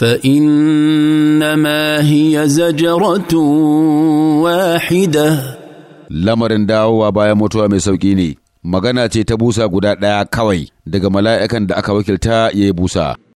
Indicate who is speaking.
Speaker 1: فانما هي زجره wahida?
Speaker 2: lamarin dawowa bayan mutuwa mai sauƙi ne magana ce ta busa guda ɗaya kawai daga mala'ikan da aka wakilta ya yi busa